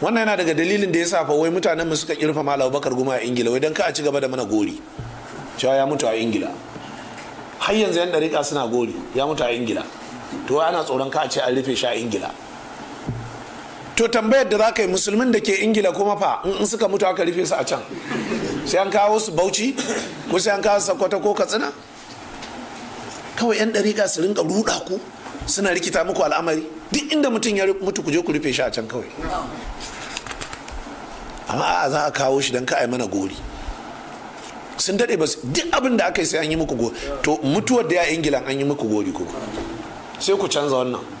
wannan yana daga dalilin da ya sa wai mutanen mu suka kirfa malam bakar goma a ingila wai don ka a ci gaba da mana gori cewa ya mutu a ingila har yanzu yan dariƙa suna gori ya mutu a ingila to ana tsoron ka a ce an rufe shi a ingila to tambayar da za ka yi musulmin da ke ingila kuma fa in suka mutu aka rufe su a can sai an kawo su bauchi ko sai an kawo su sakwata ko katsina kawai yan dariƙa su rinka ruɗa ku suna rikita muku al'amari duk inda mutum ya mutu ku je ku rufe shi a can kawai amma a'a za a kawo shi don ka ai mana gori sun daɗe ba duk abin da aka yi sai an yi muku gori to mutuwar da ya Ingila an yi muku gori kuma sai ku canza wannan